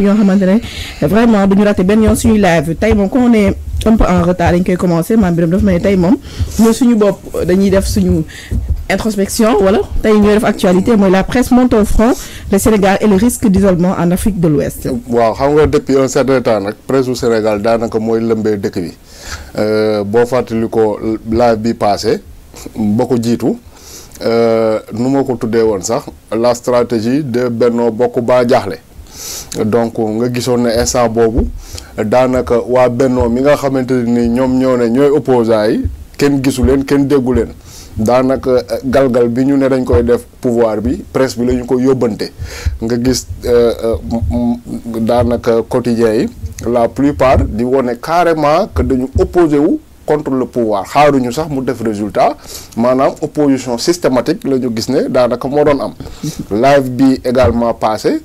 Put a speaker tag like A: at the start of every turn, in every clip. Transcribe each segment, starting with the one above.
A: yoo xamante ne vraiment duñu raté benn yoon suñuy live tey moom comme on est un peu en retard dañ koy commencé maam biram dafa ma ne tey moom ñun suñu bopp dañuy def suñu introspection wala tey ñooy def actualité mooy la presse monte au front le Sénégal et le risque d'isolement en Afrique de l'Ouest waaw xam nga depuis un certain temps nag presse du Sénégal daanaka mooy lëmbee dëkk bi euh, boo fàttali ko live bi passé ba ko jiitu euh, nu ma ko tuddee woon sax la stratégie de Benno Bokk Ba jaaxle donc nga gisoon ne instant boobu daanaka waa Bennoo mi nga xamante ni ñoom ñoo ne ñooy opposants yi kenn gisu leen kenn déggu leen daanaka eh, galgal bi ñu ne dañ koy def pouvoir bi presse bi la ñu ko yóbbante nga gis eh, eh, daanaka quotidien yi la plupart di wone carrément que dañu opposé wu contre le pouvoir xaaruñu sax mu def résultat maanaam opposition systématique la ñu gis ne daanaka moo doon am live bi également passé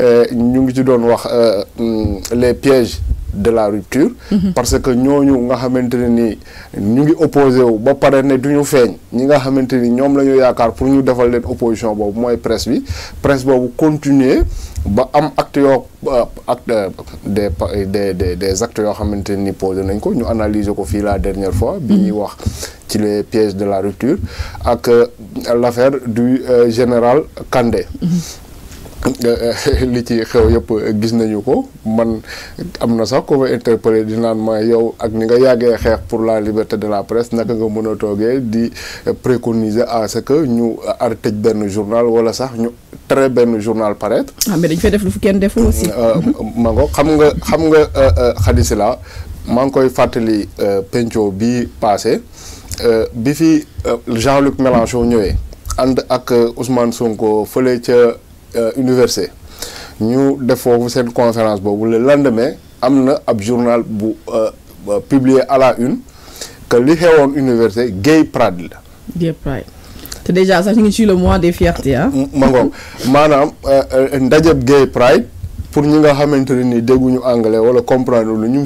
A: euh, ñu ngi ci doon wax euh, mm, les pièges de la rupture mhm. parce que ñooñu nga xamante ne ni ñu ngi opposé wu ba pare ne du ñu feeñ ñi nga xamante ni ñoom la ñu yaakaar pour ñu defal leen opposition boobu mooy presse bi presse boobu continuer ba am acte yoo acte des des des des actes yoo xamante ni posé nañ ko ñu analyser ko fii la dernière fois. bi ñuy mm-hmm. wax ci les pièges de la rupture ak euh, l'affaire du euh, général Kandé. Mm-hmm. li ci xew yëpp gis nañu ko man am na sax ko ma interpellé di naan ma yow ak ni nga yàggee xeex pour la liberté de la presse naka nga mën a toogee di préconiser à ce que ñu ar benn journal wala sax ñu très benn journal paraître. ah mais dañ fay def kenn deful aussi. Euh, xam nga xam nga xadisi euh, euh, la maa ngi koy fàttali penco bi passé bi fi Jean-Luc Mélenchon ñëwee ànd ak Ousmane Sonko fële ca. Euh, université ñu def foofu seen conférence boobu le lendemain am na ab journal bu euh, euh, publié à la une que li xewoon université Gay Pride la. Gay Pride te déjà sax ñu ngi ci le mois des fiertés ah. ma ngoog maanaam ndajeb Gay Pride pour ñi nga xamante ne nii dégguñu anglais wala comprendre lu ñu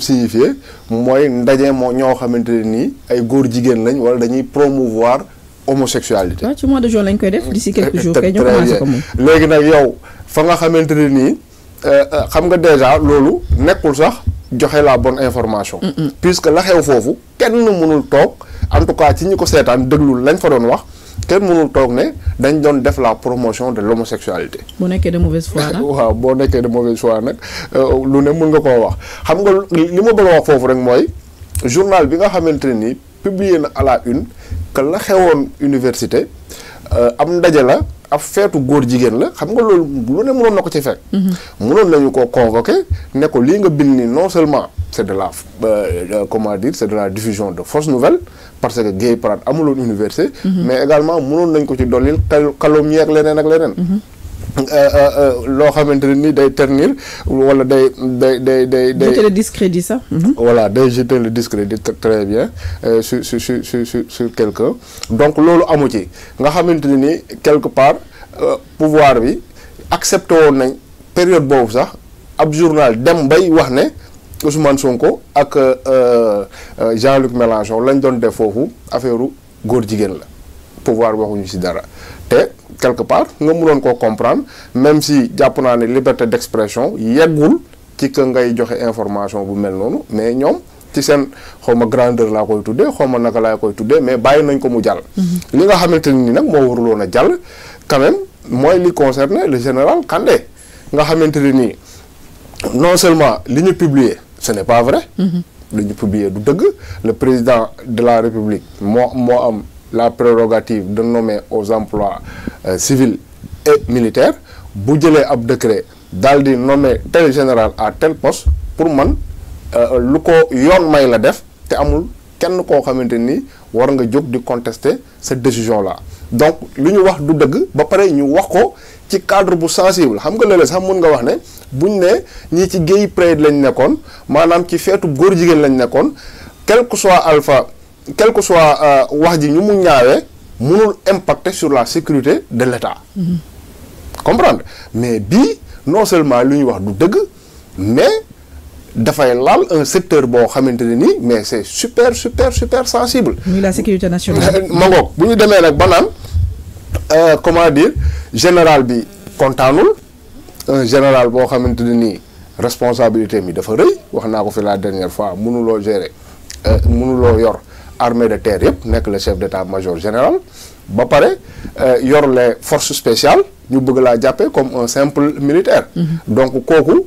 A: mu mooy ndaje moo ñoo xamante ne nii ay góor jigéen lañ wala dañuy promouvoir. homosexualité. waaw ah, ci mois de juin lañ koy def d'ici quelques jours léegi nag yow fa nga xamante ne nii euh, euh, xam nga déjà loolu nekkul sax joxe la bonne information. puisque la xew foofu kenn mënul toog en tout cas ci ñi ko seetaan déglu lañ fa doon wax. kenn mënul toog ne dañ doon def la promotion de l'homosexualité. boo nekkee de mauvaise foi nag. waaw boo nekkee de mauvaise foi nag euh, lu ne mën nga koo wax xam nga li ma bëgg wax foofu rek mooy journal bi nga xamante ne nii publié na à la une que la xewoon université euh, am ndaje la ab feetu góor jigéen la xam nga loolu lu ne mënoon na ko ci fekk. Mm-hmm. mënoon nañu koo convoqué ne ko lii nga bind ni non seulement c' de la euh, euh, comment dire c' est de la diffusion de fausses nouvelles parce que Gueye Pratt amuloon université. Mm-hmm. mais également mënoon nañ ko ci dollil calomnie ak leneen ak leneen. Mm-hmm. Euh, euh, euh, loo xamante ne ni day ternir wala day day day day day jeter le discrédit ça mhm. voilà day jeter le discrédit très bien sur sur sur sur sur quelqu'un donc loolu amu ci nga xamante ne ni quelque part pouvoir bi accepté woon nañ période boobu sax ab journal dem bay wax ne Ousmane Sonko ak Jean-Luc Mélenchon lañ doon def foofu affaire góor jigéen la pouvoir waxuñu ci dara te quelque part nga mënoon koo comprendre même si jàpp naa ne liberté d'expression yeggul ci que ngay joxe information bu mel noonu mais ñoom ci seen xaw ma grandeur laa koy tuddee xaw ma naka laa koy tuddee mais bàyyi nañ ko mu jàll. Mhm. li nga xamante ni nag moo waruloon a jàll quand mooy li concerne le général Kandé nga xamante ne nii non seulement li ñu publier ce n'est pas vrai. Mhm. li ñu publier du dëgg la président de la République moo moo am la prérogative de nommer aux emplois. Euh, civile et militaire bu jëlee ab décret daal di nommer général à tel poste pour man euh, lu ko yoon may la def te amul kenn koo xamante ni war nga jóg di contester cette décision là donc lu ñu wax du dëgg ba pare ñu wax ko ci cadre bu sensible xam nga léeg-léeg sax mun nga wax ne buñ nee ñii ci gay pride lañ nekkoon maanaam ci feetu góor jigéen lañ nekkoon quel que soit alpha quel que soit euh, wax ji ñu mu ñaawee mënul impacter sur la sécurité de l' état. comprendre mais bi non seulement lu ñuy wax du dëgg mais dafay laal un secteur boo xamante ne nii mais c' est super super super sensible. muy la sécurité nationale. ma bu ñu demee nag ba naan euh, comment dire général bi kontaanul un général boo xamante ne nii responsabilité mi dafa rëy wax naa ko fi la dernière fois mënuloo gérer euh, mënuloo yor. armée de terre yëpp nekk le chef d'état-major général ba pare euh, yor les forces spéciales ñu bëgg laa jàppe comme un simple militaire. Mhm. donc kooku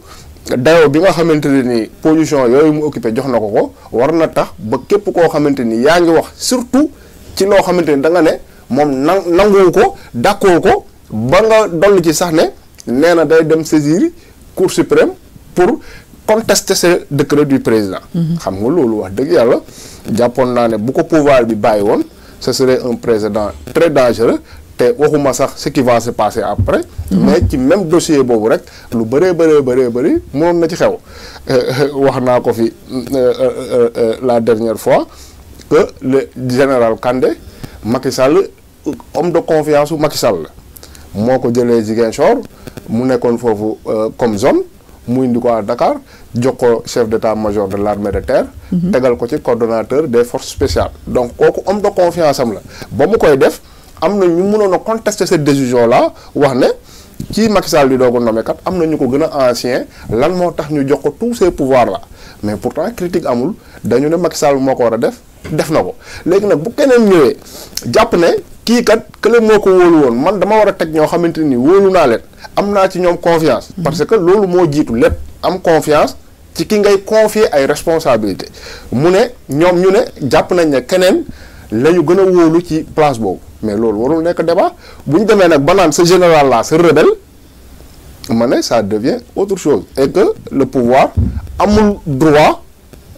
A: dayoo bi nga xamante ne ni position yooyu mu occupé jox na ko ko war na tax ba képp koo xamante ni yaa ngi wax surtout ci loo xamante ni da nga ne moom na nanguwu ko dàkkoo ko ba nga dolli ci sax ne nee na day dem saisir cour suprême pour. contester ce décret du président. Mhm. xam nga loolu wax dëgg yàlla jàppoon naa ne bu ko pouvoir bi bàyyi woon ce serait un président très dangereux. te waxuma sax ce qui va se passer après. Mhm. mais ci même dossier boobu rek lu bëree bëree bëree bëri mënoon na ci xew. Euh, euh, wax naa ko fi euh, la dernière fois que le général Kandé Macky homme de confiance su Macky Sall la moo ko jëlee Ziguinchor mu nekkoon foofu comme zone. mu indi ko à Dakar jox ko chef d'état-major de l'armée de terre. Mhm. tegal ko ci coordonnateur des force spéciales. donc kooku homme de confiance am la ba mu koy def am na ñu mënoon a contester cette décision là wax ne. ci Macky Sall di doogu nommé kat am na ñu ko gën a ancien lan moo tax ñu jox ko tous ces pouvoir la mais pourtant critique amul dañu ne Macky Sall moo ko war a def def na ko léegi nag bu keneen ñëwee jàpp ne. kii kat kële moo ko wóolu woon man dama war a teg ñoo xamante nii wóolu naa leen am naa ci ñoom confiance. Mm-hmm. parce que loolu moo jiitu lépp am confiance ci ki ngay confie ay responsabilité mu ne ñoom ñu ne jàpp nañ ne keneen lañu ñu gën a wóolu ci place boobu mais loolu warul nekk débat bu ñu demee nag ba naan ce général là ce rebelle ma ne ça devient autre chose et que le pouvoir amul droit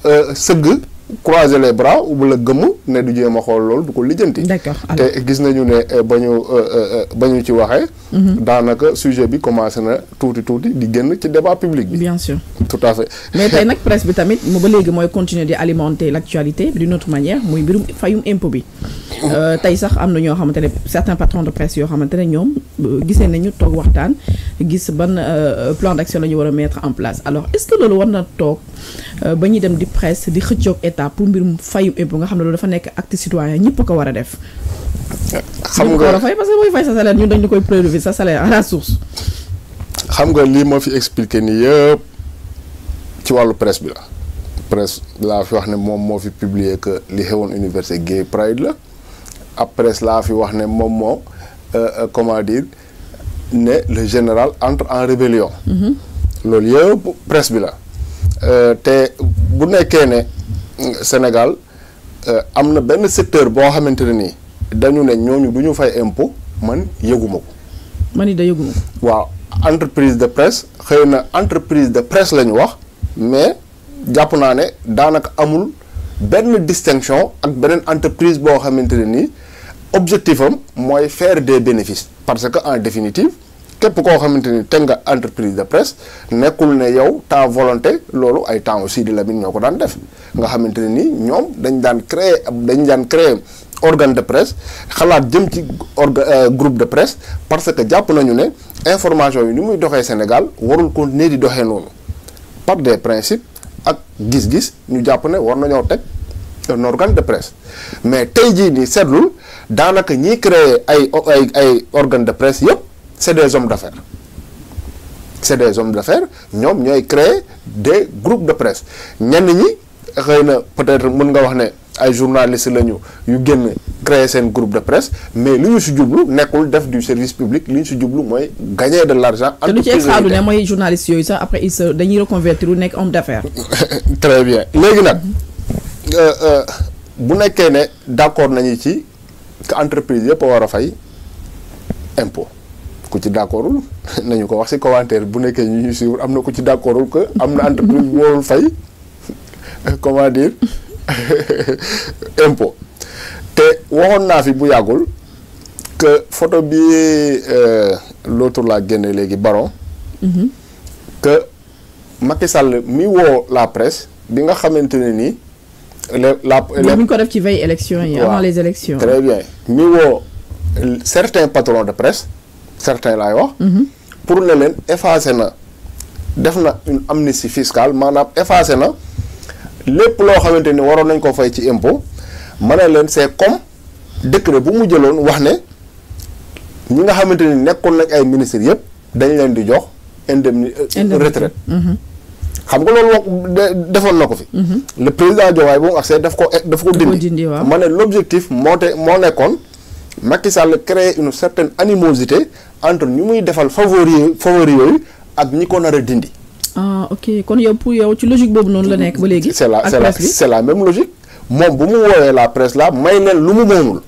A: euh, sëgg. croiser les bras ou la gëmm ne du jéem a xool loolu du ko lijjanti. te gis nañu ne eh, ba ñu euh, euh, euh, ba ñu ci waxee. Mm-hmm. daanaka sujet bi commencé na tuuti tuuti di génn ci débat public bi. bien sûr tout fait. mais tey nag presse bi tamit mu ba léegi mooy continuer di alimenter l' actualité d'une autre manière muy mbirum fayum impôt bi. tey sax am na ñoo xamante ne certains patrons de presse yoo xamante ne ñoom gisee nañu toog waxtaan. gis ban euh, euh, plan d'action la ñu war a mettre en place alors est-ce que loolu war na toog euh, ba ñu dem di presse di xëccoog état pour mbirum fayum impôt nga xam ne loolu dafa nekk acte citoyen ñëpp ko war a def. xam nga ko war a fay parce que booy fay sa salaire ñun dañu koy xam nga lii ma fi expliqué nii yëpp ci wàllu presse bi la. presse laa fi wax ne moom moo fi publier que li xewoon université Gay Pride la. ab laa fi wax ne moom moo comment ne le général entre en rébellion loolu yëpp presse bi la euh, te bu nekkee ne euh, Sénégal euh, am na benn secteur boo xamante ne nii dañu ne ñooñu du ñu fay impôt man yëguma ko man it da yëguma ko waaw entreprise de presse xëy na entreprise de presse lañu wax mais jàpp naa ne daanaka amul benn distinction ak beneen entreprise boo xamante ne nii objectif am mooy faire des bénéfice parce que en définitive képp koo xamante ni teg nga entreprise de presse nekkul ne yow temps volonté loolu ay temps aussi di Lamine ñoo ko daan def nga xamante ne ni ñoom dañ daan créer dañ daan créer organe de presse xalaat jëm ci orga euh, groupe de presse parce que jàpp nañu ne information yi ni muy doxee Sénégal warul continuer di doxee noonu par des principes ak gis-gis ñu jàpp ne war nañoo teg. un organe de presse mais tey jii nii seetlul daanaka ñii créer ay ay ay organe de presse yëpp c'est des hommes d'affaires c'est des hommes d'affaires ñoom ñooy crée de groupes de presse ñenn ñi xëy na peut-être mun nga wax ne ay journalistes lañu yu génn créer seen groupe de presse mais li ñu si jublu nekkul def du service public li ñu si jublu mooy gagner de l'argent. te lu ci extraordinaire mooy journalistes yooyu sax après ils se dañuy reconvertir nekk homme d'affaires. très bien léegi nag. Euh, euh, bu nekkee ne d'accord nañu ci que entreprise yëpp war a fay impôt ku ci d'accordul nañu ko wax ci commentaire bu nekkee ñu ñu suivre am na ku ci d'accordul que am na entreprise bu warul fay comment dire impôt te waxoon naa fi bu yàggul que photo bi euh, l'autre la génne léegi baron mm-hmm. que Macky mi woo la presse bi nga xamante ne nii les la. bu ñu ko def ci veille élection yi. avant les élections très bien ñu woo certains patrons de presse certains laay wax. Mhm. pour ne leen effacé na def na une amnistie fiscale maanaam effacé na lépp loo xamante ni waroon nañ ko fay ci impo ma ne leen c'est comme décret bu mu jëloon wax ne ñi nga xamante ni nekkoon nañ ay ministres yëpp dañ leen di jox euh, indemnité retraite mhm. xam nga loolu wax defoon na ko fi. Mhm. le président Diomaye bu mu accès daf ko daf ko dindi. ma ne l' moo te moo nekkoon Macky Sall créer une certaine animosité entre ñu muy defal favori favori yooyu ak ñi ko nar dindi. ah ok kon yow pour yow ci logique boobu noonu la nekk ba léegi. c'est la c'est la c'est la même logique moom bu mu woowee la presse la may leen lu mu moomul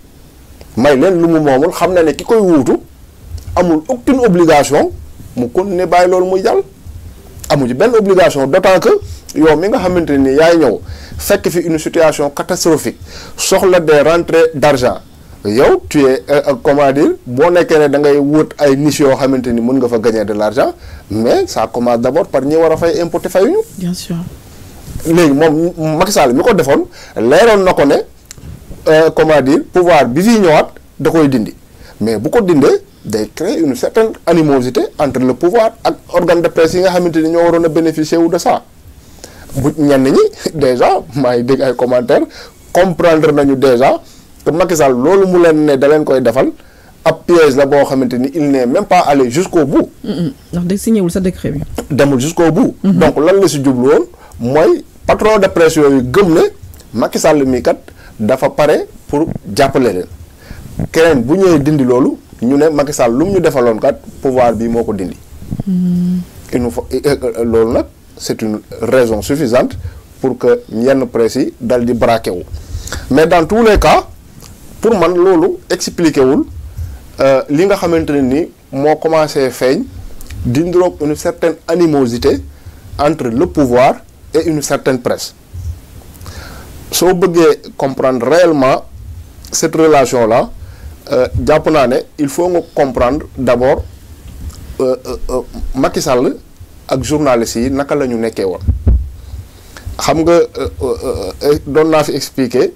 A: may leen lu mu moomul xam na ne ki koy wuutu amul aucune obligation mu kon ne bàyyi loolu muy jàll. amuñu benn obligation d'autant que yow mi nga xamante ni yaay ñëw fekk fi une situation catastrophique soxla de rentre d'argent yow tu es euh, euh, comment boo nekkee ne da ngay wut ay niches yoo xamante ni mën nga fa gagner de l'argent mais sa commence d'abord par ñi war a fay impôt te fayuñu. bien léegi moom Macky Sall mi ko defoon leeroon na ko ne euh, comment dire pouvoir bi fiy ñëwaat da koy dindi mais bu ko dindee. day créer une certaine animosité entre le pouvoir ak organe de presse yi nga xamante ni ñoo waroon a bénéficier wu de ça bu ñenn ñi déjà maa ngi dégg ay commentaires comprendre nañu déjà que Macky Sall loolu mu leen ne da leen koy defal ab piège la boo xamante ni il n'est même pas allé jusqu'au bout. ndax day signé wul sa décret bi. demul jusqu'au bout. Mm-hmm. donc lan la si jublu woon mooy patron de presse yooyu gëm ne Macky Sall mii kat dafa pare pour jàppale leen keneen bu ñëwee dindi loolu. ñu ne Macky lu mu ñu defaloon kat pouvoir bi moo ko dindi. Hmm. Eh, eh, loolu nag c'est une raison suffisante pour que yenn presse yi dal di braqué wu. mais dans tous les cas pour man loolu expliqué wul euh, li nga xamante ne ni moo commencé feeñ dindiroog une certaine animosité entre le pouvoir et une certaine presse soo bëggee comprendre réellement cette relation la Euh, jàpp naa ne il faut nga comprendre d'abord euh, euh, Macky Sall ak journalistes yi naka la ñu nekkee woon xam nga doon naa fi expliquer